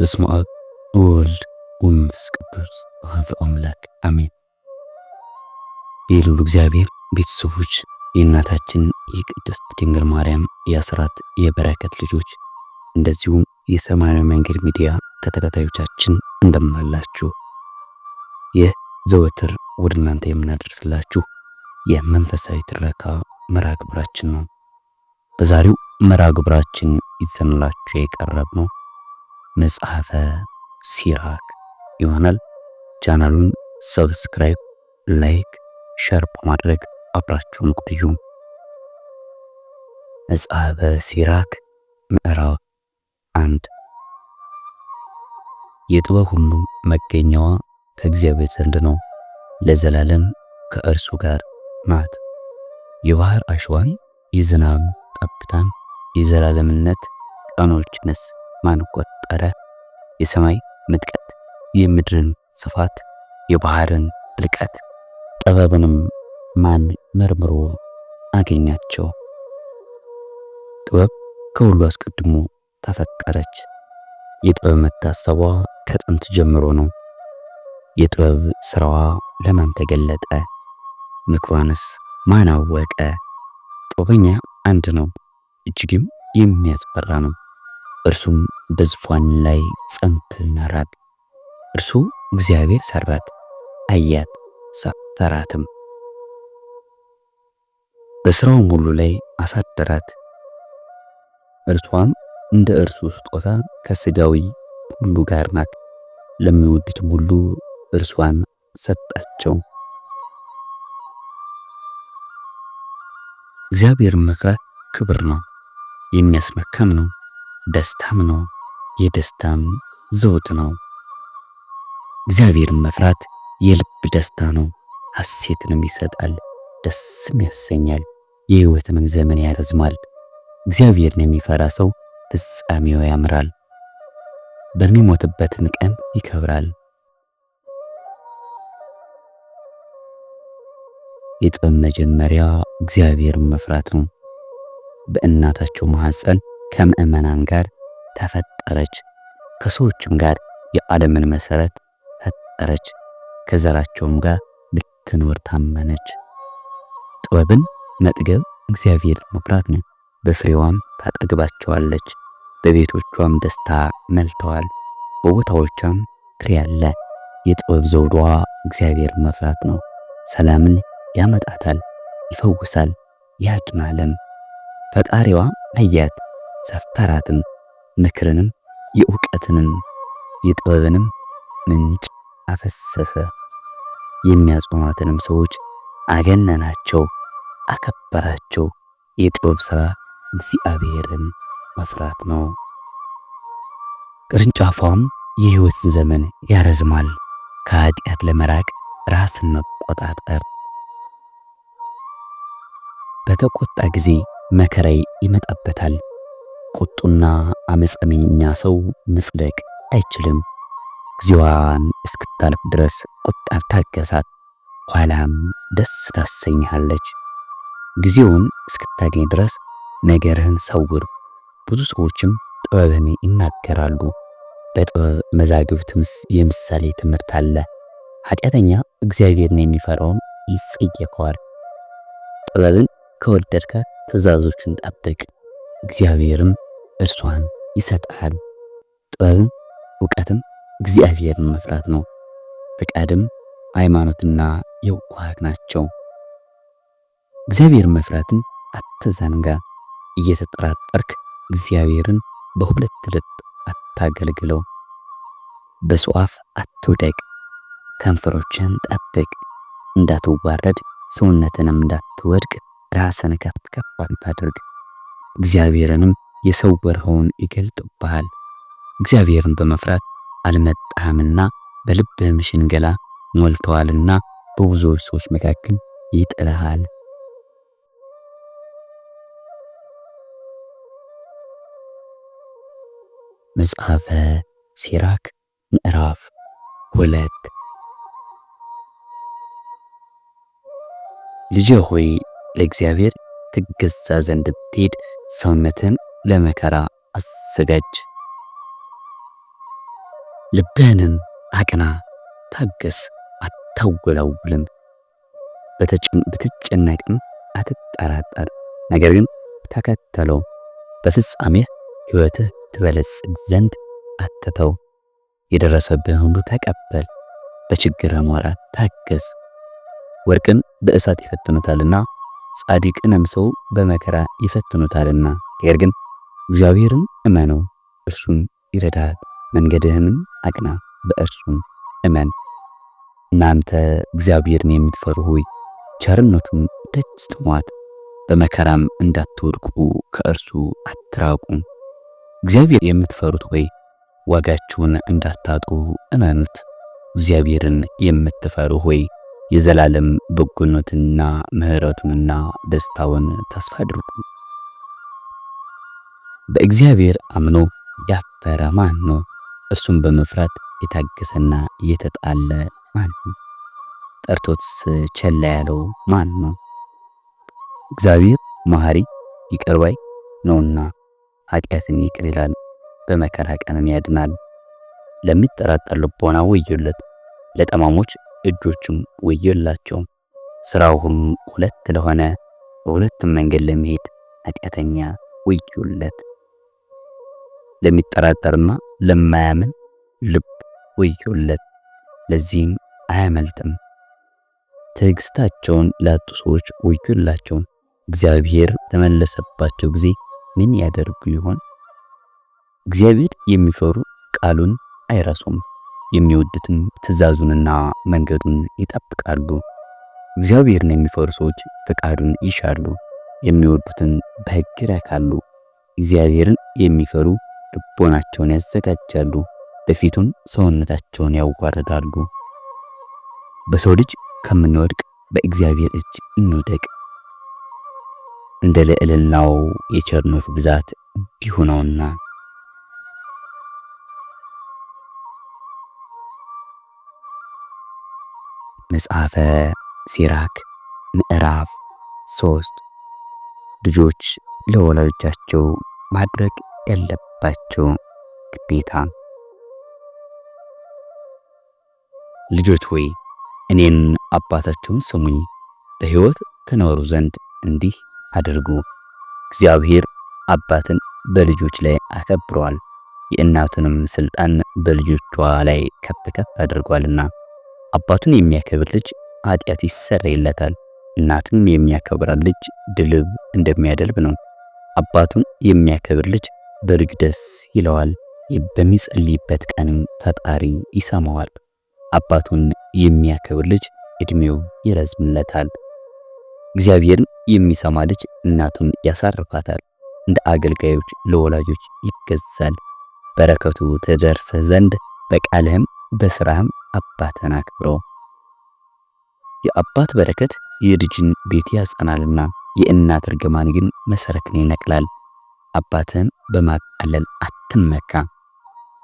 በስመ አብ ወወልድ ወመንፈስ ቅዱስ አሐዱ አምላክ አሜን። የልዑል እግዚአብሔር ቤተሰቦች፣ የእናታችን የቅድስት ድንግል ማርያም የአስራት የበረከት ልጆች እንደዚሁም የሰማያዊ መንገድ ሚዲያ ተከታታዮቻችን እንደምናላችሁ ይህ ዘወትር ወደ እናንተ የምናደርስላችሁ የመንፈሳዊ ትረካ መርሃ ግብራችን ነው። በዛሬው መርሃ ግብራችን ይዘንላችሁ የቀረብ ነው መጽሐፈ ሲራክ ይሆናል። ቻናሉን ሰብስክራይብ፣ ላይክ፣ ሸር በማድረግ አብራችሁን ቆዩ። መጽሐፈ ሲራክ ምዕራፍ አንድ የጥበብ ሁሉ መገኛዋ ከእግዚአብሔር ዘንድ ነው፣ ለዘላለም ከእርሱ ጋር ናት። የባህር አሸዋን የዝናብ ጠብታን የዘላለምነት ቀኖችንስ ማን የፈጠረ የሰማይ ምጥቀት የምድርን ስፋት የባህርን ልቀት ጥበብንም ማን መርምሮ አገኛቸው? ጥበብ ከሁሉ አስቀድሞ ተፈጠረች። የጥበብ መታሰቧ ከጥንት ጀምሮ ነው። የጥበብ ስራዋ ለማን ተገለጠ? ምክሯንስ ማን አወቀ? ጥበበኛ አንድ ነው፣ እጅግም የሚያስፈራ ነው። እርሱም በዝፏን ላይ ጸንትና ራቅ እርሱ እግዚአብሔር ሰራት አያት ሰፍተራትም በስራውም ሁሉ ላይ አሳደራት። እርሷም እንደ እርሱ ስጦታ ከስጋዊ ሁሉ ጋር ናት። ለሚወዱትም ሁሉ እርሷን ሰጣቸው። እግዚአብሔር መካ ክብር ነው፣ የሚያስመካም ነው። ደስታም ነው፣ የደስታም ዘውጥ ነው። እግዚአብሔርን መፍራት የልብ ደስታ ነው። ሐሴትንም ይሰጣል፣ ደስም ያሰኛል፣ የሕይወትንም ዘመን ያረዝማል። እግዚአብሔርን የሚፈራ ሰው ፍጻሜው ያምራል፣ በሚሞትበትን ቀን ይከብራል። የጥበብ መጀመሪያ እግዚአብሔርን መፍራት ነው። በእናታቸው ማኅፀን ከምዕመናን ጋር ተፈጠረች፣ ከሰዎችም ጋር የዓለምን መሰረት ፈጠረች፣ ከዘራቸውም ጋር ልትኖር ታመነች። ጥበብን መጥገብ እግዚአብሔር መፍራት ነው። በፍሬዋም ታጠግባቸዋለች፣ በቤቶቿም ደስታ መልተዋል፣ በቦታዎቿም ፍሬ አለ። የጥበብ ዘውዷ እግዚአብሔር መፍራት ነው። ሰላምን ያመጣታል፣ ይፈውሳል፣ ያድናልም። ፈጣሪዋ አያት ሰፈራትም ምክርንም የእውቀትንም የጥበብንም ምንጭ አፈሰሰ። የሚያጾሟትንም ሰዎች አገነናቸው፣ አከበራቸው። የጥበብ ሥራ እግዚአብሔርን መፍራት ነው። ቅርንጫፏም የሕይወት ዘመን ያረዝማል። ከኃጢአት ለመራቅ ራስን መቆጣጠር። በተቆጣ ጊዜ መከራይ ይመጣበታል ቁጡና አመፀመኛ ሰው መጽደቅ አይችልም። ጊዜዋን እስክታልፍ ድረስ ቁጣ ታገሳት፣ ኋላም ደስ ታሰኝሃለች። ጊዜውን እስክታገኝ ድረስ ነገርህን ሰውር። ብዙ ሰዎችም ጥበብን ይናገራሉ። በጥበብ መዛግብትም የምሳሌ ትምህርት አለ። ኃጢአተኛ እግዚአብሔርን የሚፈራውን ይጸየፈዋል። ጥበብን ከወደድከ ትእዛዞችን ጠብቅ። እግዚአብሔርም እርሷን ይሰጣል። ጥበብም እውቀትም እግዚአብሔርን መፍራት ነው። ፍቃድም ሃይማኖትና የውቋህ ናቸው። እግዚአብሔርን መፍራትን አትዘንጋ። እየተጠራጠርክ እግዚአብሔርን በሁለት ልብ አታገልግለው። በሰው አትውደቅ። ከንፈሮችን ጠብቅ፣ እንዳትዋረድ ሰውነትንም እንዳትወድቅ ራስን ከፍ ከፍ አታድርግ። እግዚአብሔርንም የሰወርኸውን ይገልጥብሃል። እግዚአብሔርን በመፍራት አልመጣህምና በልብህም ሽንገላ ሞልተዋልና በብዙዎች ሰዎች መካከል ይጥልሃል። መጽሐፈ ሲራክ ምዕራፍ ሁለት ልጄ ሆይ ለእግዚአብሔር ትገዛ ዘንድ ብትሄድ ሰውነትን ለመከራ አዘጋጅ፣ ልብህንም አቅና፣ ታገስ፣ አታወላውልም። ብትጨነቅም አትጠራጠር፣ ነገር ግን ተከተለው። በፍጻሜህ ሕይወትህ ትበለጽግ ዘንድ አትተው። የደረሰብህን ሁሉ ተቀበል፣ በችግር ወራት ታገስ። ወርቅን በእሳት ይፈትኑታልና ጻድቅንም ሰው በመከራ ይፈትኑታልና፣ ነገር ግን እግዚአብሔርን እመነው እርሱም ይረዳሃል፣ መንገድህንም አቅና በእርሱም እመን። እናንተ እግዚአብሔርን የምትፈሩ ሆይ ቸርነቱም ደጅ ጥሟት፣ በመከራም እንዳትወድቁ ከእርሱ አትራቁ። እግዚአብሔር የምትፈሩት ሆይ ዋጋችሁን እንዳታጡ እመኑት። እግዚአብሔርን የምትፈሩ ሆይ የዘላለም በጎነትና ምሕረቱንና ደስታውን ተስፋ አድርጉ። በእግዚአብሔር አምኖ ያፈረ ማን ነው? እሱን በመፍራት የታገሰና የተጣለ ማን ነው? ጠርቶትስ ቸላ ያለው ማን ነው? እግዚአብሔር መሐሪ ይቅር ባይ ነውና ኃጢአትን ይቅር ይላል፣ በመከራ ቀንን ያድናል። ለሚጠራጠር ልቦና ወዮለት፣ ለጠማሞች እጆቹም ወዮላቸው። ስራውም ሁለት ለሆነ በሁለቱም መንገድ ለመሄድ ኃጢአተኛ ወዮለት። ለሚጠራጠርና ለማያምን ልብ ወዮለት፣ ለዚህም አያመልጥም። ትዕግስታቸውን ላጡ ሰዎች ወዮላቸው፣ እግዚአብሔር ተመለሰባቸው ጊዜ ምን ያደርጉ ይሆን? እግዚአብሔር የሚፈሩ ቃሉን አይረሱም። የሚወዱትን ትእዛዙንና መንገዱን ይጠብቃሉ። እግዚአብሔርን የሚፈሩ ሰዎች ፍቃዱን ይሻሉ፣ የሚወዱትን በሕግ ይረካሉ። እግዚአብሔርን የሚፈሩ ልቦናቸውን ያዘጋጃሉ፣ በፊቱም ሰውነታቸውን ያዋርዳሉ። በሰው ልጅ ከምንወድቅ በእግዚአብሔር እጅ እንውደቅ። እንደ ልዕልናው የቸርኖፍ ብዛት እንዲሁ ነውና መጽሐፈ ሲራክ ምዕራፍ ሶስት ልጆች ለወላጆቻቸው ማድረግ ያለባቸው ግዴታ። ልጆች ሆይ እኔን አባታችሁን ስሙኝ፣ በሕይወት ትኖሩ ዘንድ እንዲህ አድርጉ። እግዚአብሔር አባትን በልጆች ላይ አከብሯል፣ የእናቱንም ስልጣን በልጆቿ ላይ ከፍ ከፍ አድርጓልና አባቱን የሚያከብር ልጅ ኃጢአት ይሰረይለታል፣ እናቱን የሚያከብራት ልጅ ድልብ እንደሚያደልብ ነው። አባቱን የሚያከብር ልጅ በርግ ደስ ይለዋል፣ በሚጸልይበት ቀንም ፈጣሪ ይሰማዋል። አባቱን የሚያከብር ልጅ እድሜው ይረዝምለታል። እግዚአብሔርን የሚሰማ ልጅ እናቱን ያሳርፋታል። እንደ አገልጋዮች ለወላጆች ይገዛል። በረከቱ ተደርሰ ዘንድ በቃልህም በስራህም አባትን አክብሮ የአባት በረከት የልጅን ቤት ያጸናልና የእናት እርግማን ግን መሰረትን ይነቅላል። አባትን በማቃለል አትመካ፣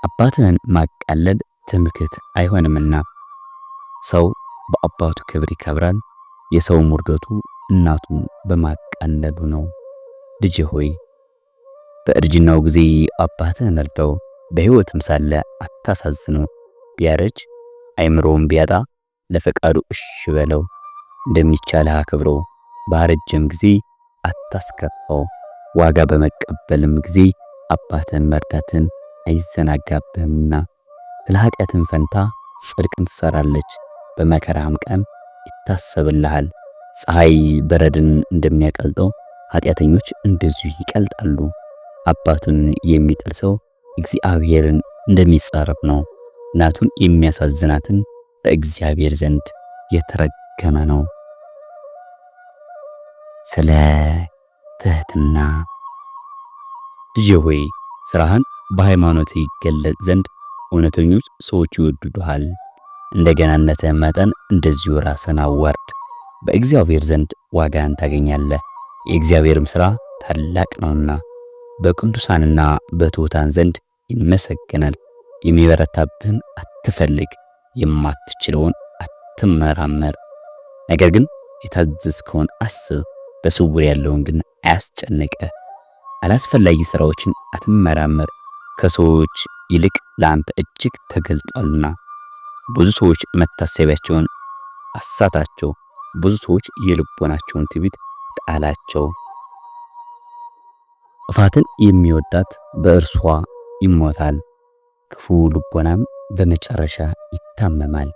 አባትን ማቃለል ትምክት አይሆንምና። ሰው በአባቱ ክብር ይከብራል፣ የሰው ውርደቱ እናቱን በማቃለሉ ነው። ልጅ ሆይ በእርጅናው ጊዜ አባትን እርዳው፣ በሕይወትም ሳለ አታሳዝኑ። ቢያረጅ አይምሮውን ቢያጣ ለፈቃዱ እሽ በለው እንደሚቻል አክብሮ ባረጀም ጊዜ አታስከፋው። ዋጋ በመቀበልም ጊዜ አባትን መርዳትን አይዘናጋብህምና ለኃጢአትን ፈንታ ጽድቅን ትሰራለች። በመከራም ቀን ይታሰብልሃል። ፀሐይ በረድን እንደሚያቀልጠው ኃጢአተኞች እንደዚሁ ይቀልጣሉ። አባቱን የሚጥል ሰው እግዚአብሔርን እንደሚጻረፍ ነው። እናቱን የሚያሳዝናትን በእግዚአብሔር ዘንድ የተረገመ ነው። ስለ ትህትና ልጄ ሆይ ስራህን በሃይማኖት ይገለጽ ዘንድ እውነተኞች ሰዎች ይወዱሃል። እንደ መጠን እንደዚሁ ራስን አዋርድ፣ በእግዚአብሔር ዘንድ ዋጋን ታገኛለህ። የእግዚአብሔርም ሥራ ታላቅ ነውና በቅዱሳንና በትሑታን ዘንድ ይመሰገናል። የሚበረታብህን አትፈልግ፣ የማትችለውን አትመራመር። ነገር ግን የታዘዝከውን አስብ፣ በስውር ያለውን ግን አያስጨንቀ አላስፈላጊ ስራዎችን አትመራመር፣ ከሰዎች ይልቅ ለአንተ እጅግ ተገልጧልና። ብዙ ሰዎች መታሰቢያቸውን አሳታቸው፣ ብዙ ሰዎች የልቦናቸውን ትዕቢት ጣላቸው። እፋትን የሚወዳት በእርሷ ይሞታል። ክፉ ልቦናም በመጨረሻ ይታመማል።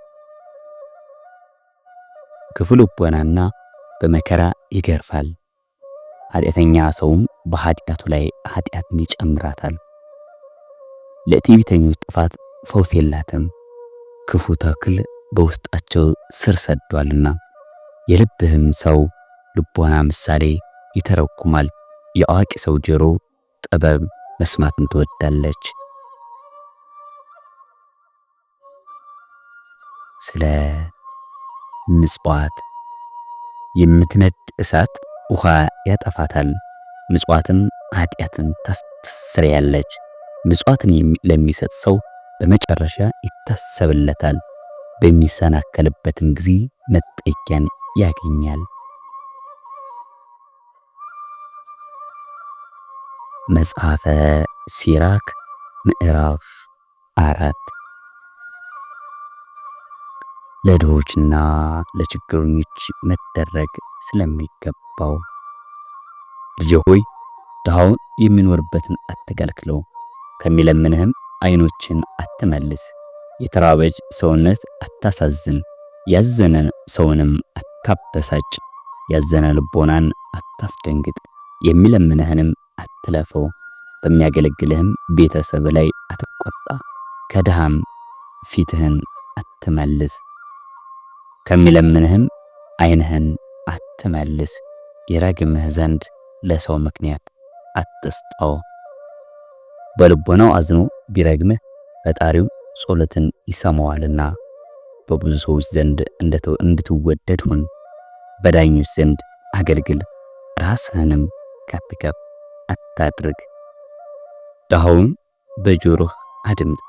ክፉ ልቦናና በመከራ ይገርፋል። ኃጢአተኛ ሰውም በኃጢአቱ ላይ ኃጢአትን ይጨምራታል። ለትዕቢተኞች ጥፋት ፈውስ የላትም፣ ክፉ ተክል በውስጣቸው ስር ሰዷልና። የልብህም ሰው ልቦና ምሳሌ ይተረኩማል። የአዋቂ ሰው ጆሮ ጥበብ መስማትን ትወዳለች። ስለ ምጽዋት የምትነድ እሳት ውሃ ያጠፋታል፣ ምጽዋትም ኃጢአትን ታስተሰርያለች። ምጽዋትን ለሚሰጥ ሰው በመጨረሻ ይታሰብለታል፣ በሚሰናከልበትም ጊዜ መጠጊያን ያገኛል። መጽሐፈ ሲራክ ምዕራፍ አራት ለድሆችና ለችግረኞች መደረግ ስለሚገባው። ልጄ ሆይ ድሃውን የሚኖርበትን አትከልክለው፣ ከሚለምንህም አይኖችን አትመልስ። የተራበች ሰውነት አታሳዝን፣ ያዘነ ሰውንም አታበሳጭ። ያዘነ ልቦናን አታስደንግጥ፣ የሚለምንህንም አትለፈው። በሚያገለግልህም ቤተሰብ ላይ አትቆጣ፣ ከድሃም ፊትህን አትመልስ። ከሚለምንህም ዓይንህን አትመልስ፣ ይረግምህ ዘንድ ለሰው ምክንያት አትስጠው። በልቦናው አዝኖ ቢረግምህ ፈጣሪው ጸሎትን ይሰማዋልና በብዙ ሰዎች ዘንድ እንድትወደድ ሁን። በዳኞች ዘንድ አገልግል፣ ራስህንም ከፍ ከፍ አታድርግ። ድሃውን በጆሮህ አድምጥ፣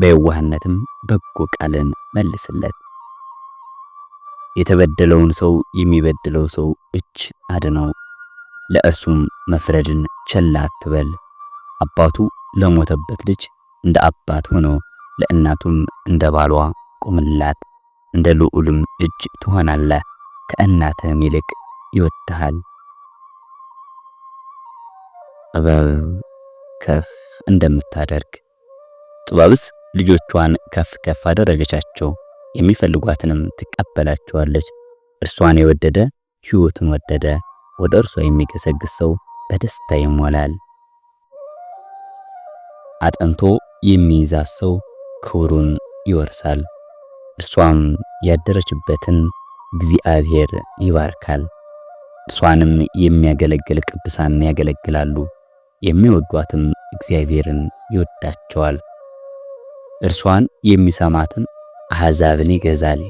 በየዋህነትም በጎ ቃልን መልስለት። የተበደለውን ሰው የሚበድለው ሰው እጅ አድነው፣ ለእርሱም መፍረድን ቸል አትበል። አባቱ ለሞተበት ልጅ እንደ አባት ሆኖ ለእናቱም እንደ ባሏ ቁምላት፣ እንደ ልዑልም እጅ ትሆናለህ። ከእናትህም ይልቅ ይወድሃል። ጥበብ ከፍ እንደምታደርግ ጥበብስ ልጆቿን ከፍ ከፍ አደረገቻቸው። የሚፈልጓትንም ትቀበላቸዋለች። እርሷን የወደደ ሕይወትን ወደደ። ወደ እርሷ የሚገሰግስ ሰው በደስታ ይሞላል። አጥንቶ የሚይዛት ሰው ክብሩን ይወርሳል። እርሷም ያደረችበትን እግዚአብሔር ይባርካል። እርሷንም የሚያገለግል ቅዱሳን ያገለግላሉ። የሚወዷትም እግዚአብሔርን ይወዳቸዋል። እርሷን የሚሰማትም አሕዛብን ይገዛል።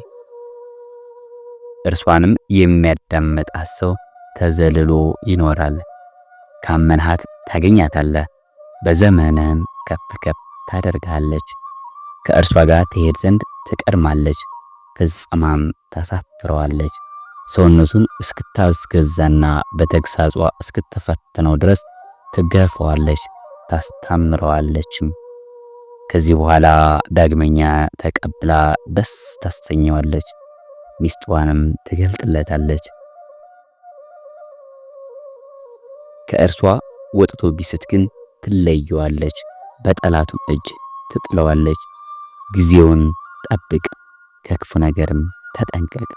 እርሷንም የሚያዳምጣት ሰው ተዘልሎ ይኖራል። ካመንሃት ታገኛታለህ፣ በዘመንህም ከፍ ከፍ ታደርጋለች። ከእርሷ ጋር ትሄድ ዘንድ ትቀድማለች፣ ፍጽማም ታሳፍረዋለች። ሰውነቱን እስክታስገዛና በተግሳጿ እስክትፈትነው ድረስ ትገፈዋለች፣ ታስታምረዋለችም። ከዚህ በኋላ ዳግመኛ ተቀብላ ደስ ታሰኘዋለች፣ ሚስጥዋንም ትገልጥለታለች። ከእርሷ ወጥቶ ቢስት ግን ትለየዋለች፣ በጠላቱ እጅ ትጥለዋለች። ጊዜውን ጠብቅ፣ ከክፉ ነገርም ተጠንቀቅ።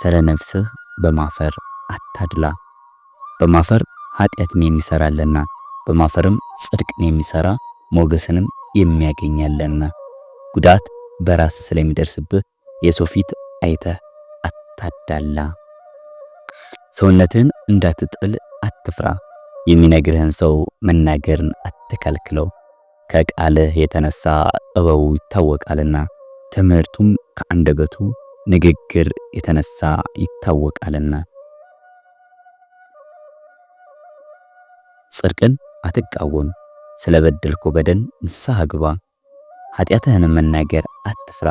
ስለ ነፍስህ በማፈር አታድላ። በማፈር ኃጢአትን የሚሰራልና በማፈርም ጽድቅን የሚሰራ ሞገስንም የሚያገኛለና ጉዳት በራስ ስለሚደርስብህ የሰው ፊት አይተህ አታዳላ። ሰውነትን እንዳትጥል አትፍራ። የሚነግርህን ሰው መናገርን አትከልክለው። ከቃልህ የተነሳ ጥበቡ ይታወቃልና ትምህርቱም ከአንደበቱ ንግግር የተነሳ ይታወቃልና። ጽድቅን አትቃወም ስለ በደልኮ በደል ንስሐ ግባ። ኃጢአትህንም መናገር አትፍራ።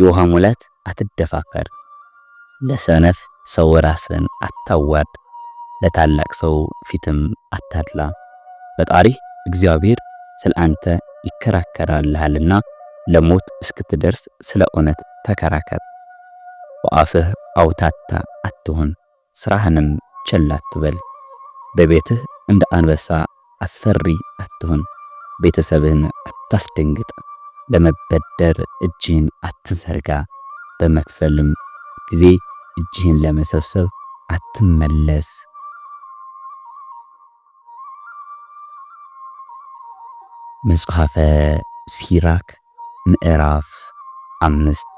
የውሃ ሙላት አትደፋከር። ለሰነፍ ሰው ራስን አታዋርድ፣ ለታላቅ ሰው ፊትም አታድላ። በጣሪህ እግዚአብሔር ስለ አንተ ይከራከራልሃልና ለሞት እስክትደርስ ስለ እውነት ተከራከር። በአፍህ አውታታ አትሆን ስራህንም ቸል አትበል። በቤትህ እንደ አንበሳ አስፈሪ አትሆን፣ ቤተሰብህን አታስደንግጥ፣ ለመበደር እጅህን አትዘርጋ፣ በመክፈልም ጊዜ እጅህን ለመሰብሰብ አትመለስ። መጽሐፈ ሲራክ ምዕራፍ አምስት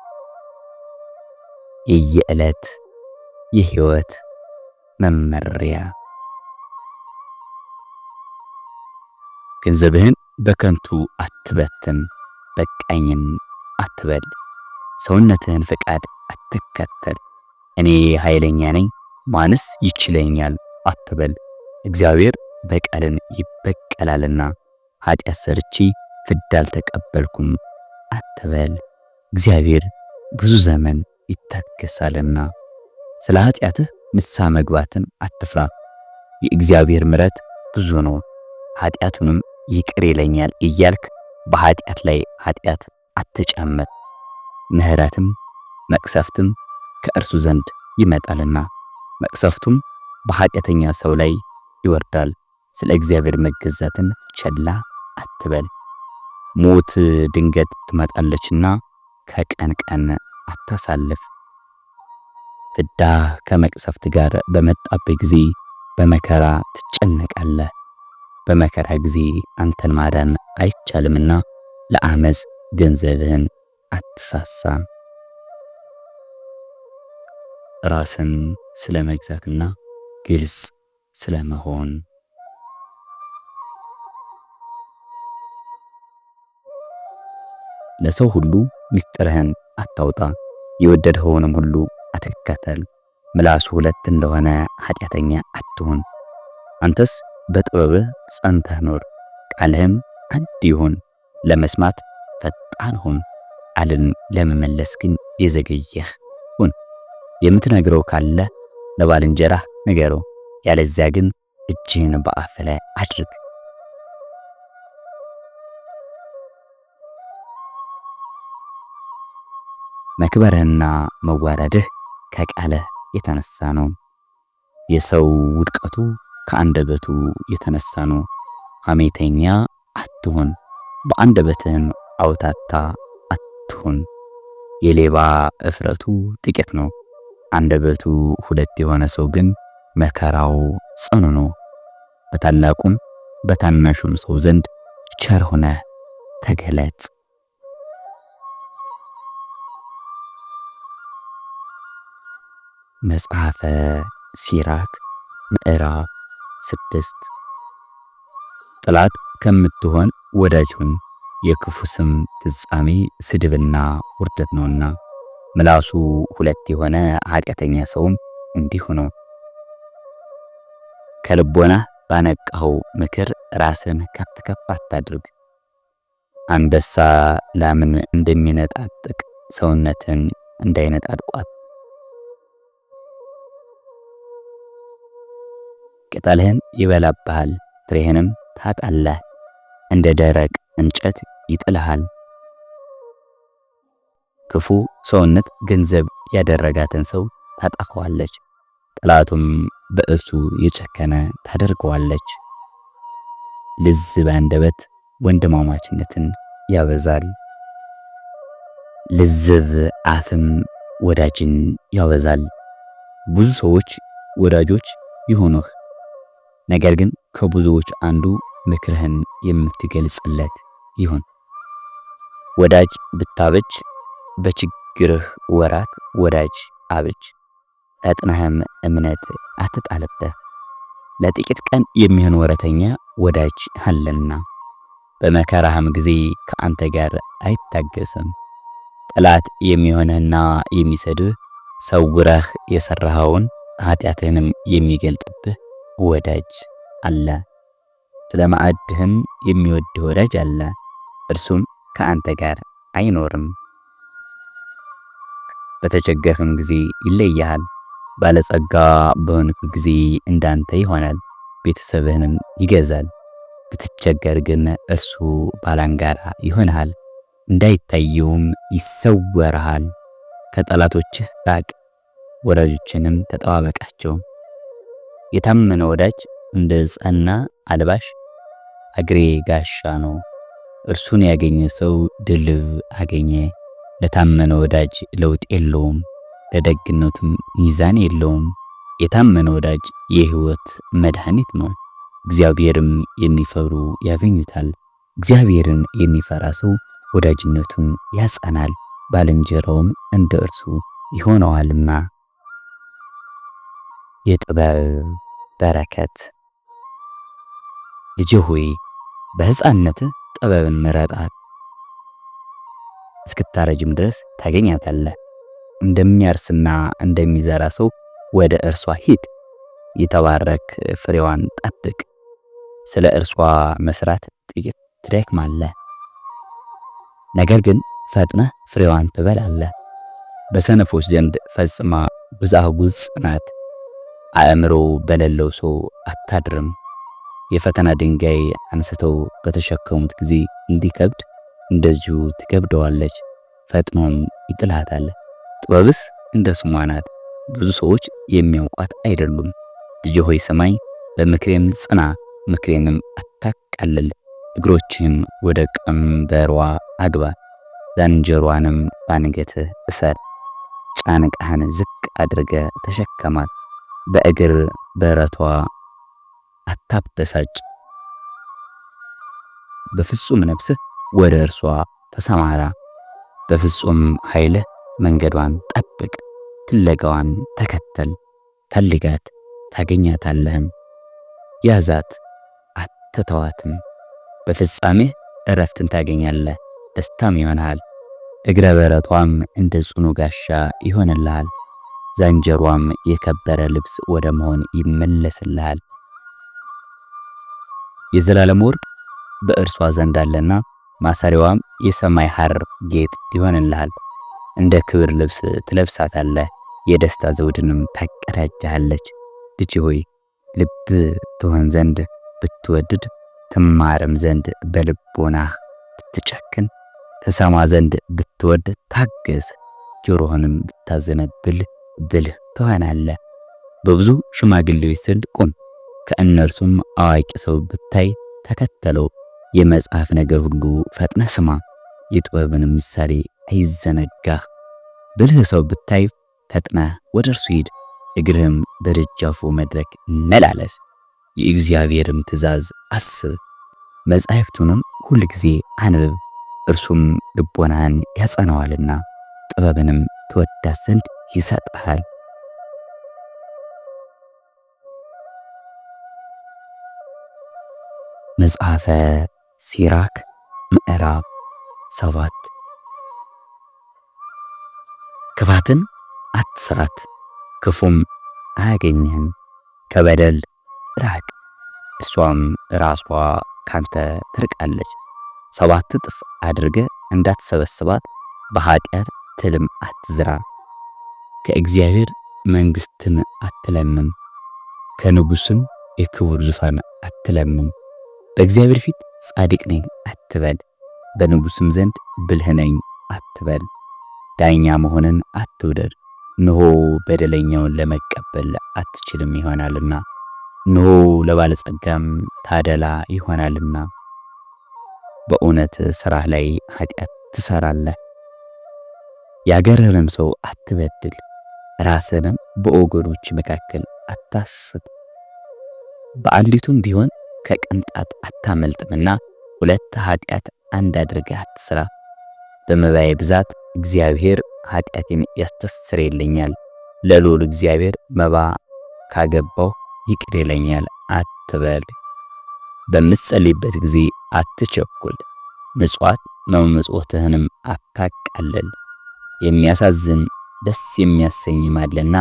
የየዕለት የሕይወት መመሪያ ገንዘብህን በከንቱ አትበትን፣ በቃኝን አትበል። ሰውነትህን ፈቃድ አትከተል። እኔ ኃይለኛ ነኝ ማንስ ይችለኛል አትበል፣ እግዚአብሔር በቀልን ይበቀላልና። ኃጢአት ሰርቼ ፍዳ አልተቀበልኩም አትበል፣ እግዚአብሔር ብዙ ዘመን ይታገሳልና። ስለ ኃጢአትህ ንስሐ መግባትን አትፍራ፣ የእግዚአብሔር ምረት ብዙ ነው። ኃጢአቱንም ይቅር ይለኛል እያልክ በኃጢአት ላይ ኃጢአት አትጨምር፣ ምህረትም መቅሰፍትም ከእርሱ ዘንድ ይመጣልና መቅሰፍቱም በኃጢአተኛ ሰው ላይ ይወርዳል። ስለ እግዚአብሔር መገዛትን ቸላ አትበል። ሞት ድንገት ትመጣለችና ከቀን ቀን አታሳልፍ። ፍዳ ከመቅሰፍት ጋር በመጣበት ጊዜ በመከራ ትጨነቃለህ። በመከራ ጊዜ አንተን ማዳን አይቻልምና ለአመፅ ገንዘብህን አትሳሳ። ራስን ስለ መግዛትና ግልጽ ስለ መሆን ለሰው ሁሉ ምስጢርህን አታውጣ፣ የወደድኸውንም ሁሉ አትከተል። ምላሱ ሁለት እንደሆነ ኃጢአተኛ አትሆን አንተስ በጥበብህ ጸንተህ ኖር፣ ቃልህም አንድ ይሁን። ለመስማት ፈጣን ሁን፣ ቃልን ለመመለስ ግን የዘገየህ ሁን። የምትነግረው ካለ ለባልንጀራህ ንገረው፣ ያለዚያ ግን እጅህን በአፍ ላይ አድርግ። መክበርህና መዋረድህ ከቃለ የተነሳ ነው። የሰው ውድቀቱ ከአንደበቱ የተነሳ ነው። ሐሜተኛ አትሁን፣ በአንደበትህም አውታታ አትሁን። የሌባ እፍረቱ ጥቂት ነው፣ አንደበቱ ሁለት የሆነ ሰው ግን መከራው ጽኑ ነው። በታላቁም በታናሹም ሰው ዘንድ ቸር ሆነ ተገለጽ። መጽሐፈ ሲራክ ምዕራፍ ስድስት ጠላት ከምትሆን ወዳጅ ሁን፣ የክፉ ስም ፍጻሜ ስድብና ውርደት ነውና። ምላሱ ሁለት የሆነ ኃጢአተኛ ሰውም እንዲሁ ነው። ከልቦና ባነቃኸው ምክር ራስን ከፍ ከፍ አታድርግ። አንበሳ ላምን እንደሚነጣጥቅ ሰውነትን እንዳይነጣጥቋት ቅጠልህን ይበላብሃል፣ ፍሬህንም ታጣለህ፣ እንደ ደረቅ እንጨት ይጥልሃል። ክፉ ሰውነት ገንዘብ ያደረጋትን ሰው ታጠፋዋለች፣ ጠላቱም በእሱ የጨከነ ታደርገዋለች። ልዝብ አንደበት ወንድማማችነትን ያበዛል፣ ልዝብ አፍም ወዳጅን ያበዛል። ብዙ ሰዎች ወዳጆች ይሆኑህ ነገር ግን ከብዙዎች አንዱ ምክርህን የምትገልጽለት ይሁን። ወዳጅ ብታበጅ በችግርህ ወራት ወዳጅ አብጅ፣ ፈጥነህም እምነት አትጣልብህ። ለጥቂት ቀን የሚሆን ወረተኛ ወዳጅ አለና፣ በመከራህም ጊዜ ከአንተ ጋር አይታገስም። ጠላት የሚሆንህና የሚሰድህ ሰውረህ የሰራኸውን ኃጢአትህንም የሚገልጥብህ ወዳጅ አለ። ስለ ማዕድህም የሚወድህ ወዳጅ አለ፣ እርሱም ከአንተ ጋር አይኖርም። በተቸገርህም ጊዜ ይለያሃል፣ ባለጸጋ በሆንክ ጊዜ እንዳንተ ይሆናል፣ ቤተሰብህንም ይገዛል። ብትቸገር ግን እርሱ ባላንጋራ ይሆንሃል፣ እንዳይታየውም ይሰወርሃል። ከጠላቶችህ ራቅ፣ ወዳጆችንም ተጠባበቃቸው። የታመነ ወዳጅ እንደ ጸና አልባሽ አግሬ ጋሻ ነው። እርሱን ያገኘ ሰው ድልብ አገኘ። ለታመነ ወዳጅ ለውጥ የለውም፣ ለደግነቱም ሚዛን የለውም። የታመነ ወዳጅ የህይወት መድኃኒት ነው። እግዚአብሔርም የሚፈሩ ያገኙታል። እግዚአብሔርን የሚፈራ ሰው ወዳጅነቱን ያጸናል፣ ባልንጀራውም እንደ እርሱ ይሆነዋልና። የጥበብ በረከት ልጅ ሆይ በሕፃንነትህ ጥበብን ምረጣት፣ እስክታረጅም ድረስ ታገኛታለህ። እንደሚያርስና እንደሚዘራ ሰው ወደ እርሷ ሂድ፣ የተባረክ ፍሬዋን ጠብቅ። ስለ እርሷ መስራት ጥቂት ትደክማለህ፣ ነገር ግን ፈጥነህ ፍሬዋን ትበላለ። በሰነፎች ዘንድ ፈጽማ ጉዛጉዝ ናት። አእምሮ በሌለው ሰው አታድርም። የፈተና ድንጋይ አንስተው በተሸከሙት ጊዜ እንዲከብድ እንደዚሁ ትከብደዋለች፣ ፈጥኖም ይጥላታል። ጥበብስ እንደ ስሟ ናት፣ ብዙ ሰዎች የሚያውቋት አይደሉም። ልጅ ሆይ ሰማይ በምክሬም ጽና፣ ምክሬንም አታቃልል። እግሮችህም ወደ ቀንበሯ አግባ፣ ዛንጀሯንም ባንገትህ እሰር። ጫንቃህን ዝቅ አድርገ ተሸከማት። በእግር በረቷ አታበሳጭ። በፍጹም ነፍስህ ወደ እርሷ ተሰማራ። በፍጹም ኃይልህ መንገዷን ጠብቅ፣ ፍለጋዋን ተከተል። ፈልጋት ታገኛታለህም። ያዛት አትተዋትም። በፍጻሜህ እረፍትን ታገኛለህ፣ ደስታም ይሆንሃል። እግረ በረቷም እንደ ጽኑ ጋሻ ይሆንልሃል። ዘንጀሯም የከበረ ልብስ ወደ መሆን ይመለስልሃል። የዘላለም ወርቅ በእርሷ ዘንድ አለና ማሰሪያዋም የሰማይ ሐር ጌጥ ይሆንልሃል። እንደ ክብር ልብስ ትለብሳታለህ፣ የደስታ ዘውድንም ታቀዳጃለች። ልጅ ሆይ ልብ ትሆን ዘንድ ብትወድድ ትማርም ዘንድ በልቦና ብትጨክን ተሰማ ዘንድ ብትወድ ታገዝ ጆሮህንም ብታዘነብል ብልህ ትሆናለህ፣ በብዙ ሽማግሌዎች ዘንድ ቁም፣ ከእነርሱም አዋቂ ሰው ብታይ ተከተለው፣ የመጽሐፍ ነገር ሁሉ ፈጥነ ስማ፣ የጥበብን ምሳሌ አይዘነጋህ። ብልህ ሰው ብታይ ፈጥና ወደ እርሱ ሂድ፣ እግርህም በደጃፉ መድረክ መላለስ። የእግዚአብሔርም ትእዛዝ አስብ፣ መጻሕፍቱንም ሁል ጊዜ አንብብ፣ እርሱም ልቦናህን ያጸናዋልና ጥበብንም ትወዳት ዘንድ ይሰጣል። መጽሐፈ ሲራክ ምዕራፍ ሰባት ክፋትን አትስራት፣ ክፉም አያገኝህም። ከበደል ራቅ፣ እሷም ራሷ ካንተ ትርቃለች። ሰባት እጥፍ አድርገ እንዳትሰበስባት፣ በኃጢአት ትልም አትዝራ። ከእግዚአብሔር መንግሥትን አትለምም፣ ከንጉሥም የክቡር ዙፋን አትለምም። በእግዚአብሔር ፊት ጻድቅ ነኝ አትበል፣ በንጉሥም ዘንድ ብልህ ነኝ አትበል። ዳኛ መሆንን አትውደድ፣ ንሆ በደለኛውን ለመቀበል አትችልም ይሆናልና፣ ንሆ ለባለጸጋም ታደላ ይሆናልና። በእውነት ሥራህ ላይ ኃጢአት ትሠራለህ፣ ያገረርም ሰው አትበድል ራስንም በወገኖች መካከል አታስብ፣ በአንዲቱም ቢሆን ከቅንጣት አታመልጥምና ሁለት ኃጢአት አንድ አድርገህ አትስራ። በመባዬ ብዛት እግዚአብሔር ኃጢአቴን ያስተስር ለልዑል እግዚአብሔር መባ ካገባው ይቅር ይለኛል አትበል። በምትጸልይበት ጊዜ አትቸኩል፣ ምጽዋት መመጽወትህንም አታቃለል። የሚያሳዝን ደስ የሚያሰኝም አለና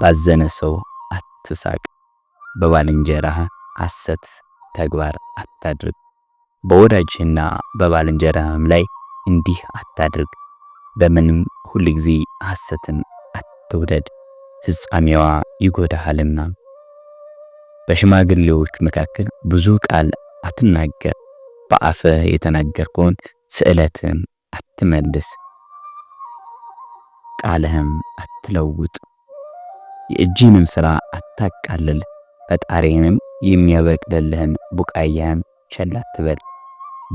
ባዘነ ሰው አትሳቅ፣ በባልንጀራህ አሰት ተግባር አታድርግ፣ በወዳጅህና በባልንጀራህም ላይ እንዲህ አታድርግ። በምንም ሁል ጊዜ ሐሰትን አትውደድ፣ ፍጻሜዋ ይጎዳሃልና። በሽማግሌዎች መካከል ብዙ ቃል አትናገር፣ በአፍህ የተናገርከውን ስዕለትን አትመልስ። ቃልህም አትለውጥ፣ የእጅህንም ሥራ አታቃልል። ፈጣሪንም የሚያበቅልልህን ቡቃያህን ቸል አትበል።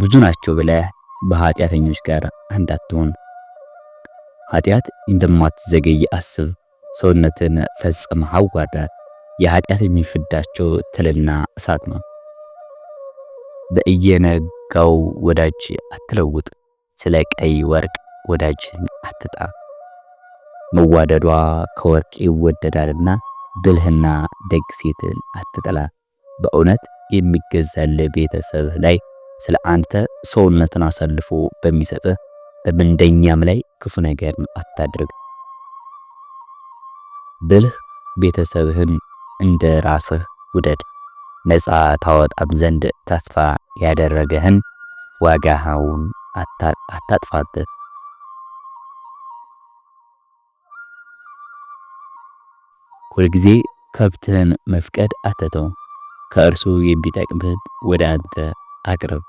ብዙ ናቸው ብለህ በኃጢአተኞች ጋር አንዳትሆን። ኃጢአት እንደማትዘገይ አስብ፣ ሰውነትን ፈጽመህ አዋርዳት። የኃጢአት የሚፍዳቸው ትልና እሳት ነው። በእየነጋው ወዳጅ አትለውጥ፣ ስለ ቀይ ወርቅ ወዳጅን አትጣ። መዋደዷ ከወርቅ ይወደዳልና ብልህና ደግ ሴትን አትጠላ። በእውነት የሚገዛልህ ቤተሰብህ ላይ ስለ አንተ ሰውነትን አሳልፎ በሚሰጥህ በምንደኛም ላይ ክፉ ነገር አታድርግ። ብልህ ቤተሰብህን እንደ ራስህ ውደድ። ነፃ ታወጣም ዘንድ ተስፋ ያደረገህን ዋጋውን አታጥፋበት። ሁልጊዜ ከብትህን መፍቀድ አትተው፣ ከእርሱ የሚጠቅምህን ወደ አንተ አቅርብ።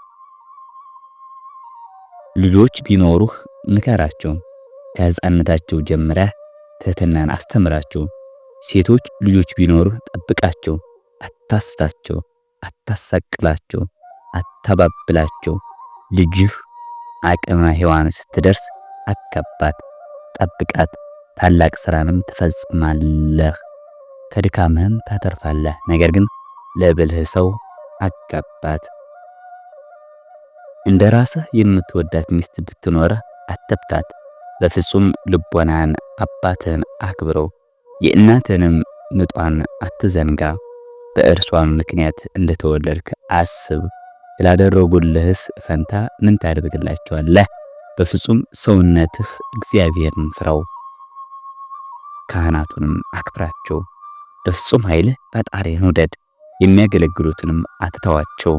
ልጆች ቢኖሩህ ምከራቸው፣ ከሕፃንነታቸው ጀምረህ ትህትናን አስተምራቸው። ሴቶች ልጆች ቢኖሩህ ጠብቃቸው፣ አታስታቸው፣ አታሳቅላቸው፣ አታባብላቸው። ልጅህ አቅመ ሔዋን ስትደርስ አከባት፣ ጠብቃት፣ ታላቅ ስራንም ትፈጽማለህ። ከድካምህም ታተርፋለህ። ነገር ግን ለብልህ ሰው አጋባት። እንደ ራስህ የምትወዳት ሚስት ብትኖረ አተብታት። በፍጹም ልቦናን አባትህን አክብረው፣ የእናትህንም ምጧን አትዘንጋ። በእርሷን ምክንያት እንደተወለድክ አስብ። ስላደረጉልህስ ፈንታ ምን ታደርግላቸዋለህ? በፍጹም ሰውነትህ እግዚአብሔርን ፍራው፣ ካህናቱንም አክብራቸው። በፍጹም ኃይልህ ፈጣሪህን ውደድ፣ የሚያገለግሉትንም አትተዋቸው።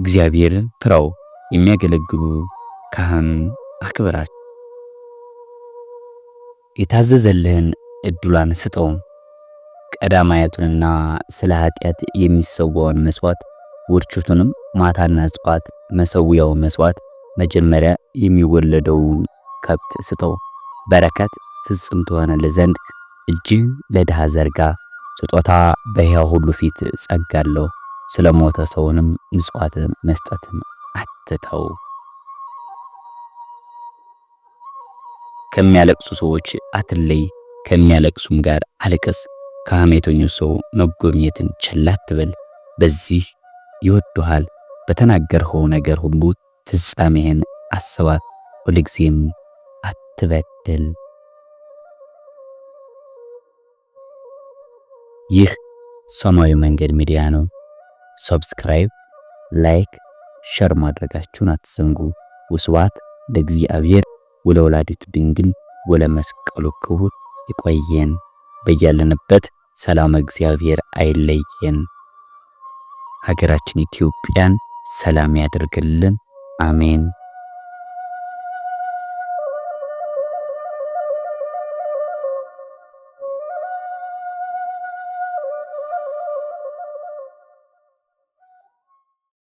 እግዚአብሔርን ፍራው፣ የሚያገለግሉ ካህን አክብራቸው። የታዘዘልህን እድሏን ስጠው። ቀዳማያቱንና ስለ ኃጢአት የሚሰዋውን መስዋዕት ውርቹቱንም ማታና ጽዋት መሰዊያው መስዋዕት መጀመሪያ የሚወለደውን ከብት ስጠው። በረከት ፍጽም ትሆነልህ ዘንድ እጅን ለድሃ ዘርጋ ስጦታ በሕያው ሁሉ ፊት ጸጋለሁ። ስለ ሞተ ሰውንም ምጽዋት መስጠትም አትተው። ከሚያለቅሱ ሰዎች አትለይ፣ ከሚያለቅሱም ጋር አልቅስ። ከሐሜተኞች ሰው መጎብኘትን ችላ አትበል። በዚህ ይወዱሃል። በተናገርኸው ነገር ሁሉ ፍጻሜህን አስባት። ሁልጊዜም አትበድል። ይህ ሰማያዊ መንገድ ሚዲያ ነው። ሰብስክራይብ፣ ላይክ፣ ሸር ማድረጋችሁን አትዘንጉ። ውስዋት ለእግዚአብሔር ወለወላዲቱ ድንግል ወለመስቀሉ ክቡር። ይቆየን። በያለንበት ሰላም እግዚአብሔር አይለየን። ሀገራችን ኢትዮጵያን ሰላም ያደርግልን። አሜን።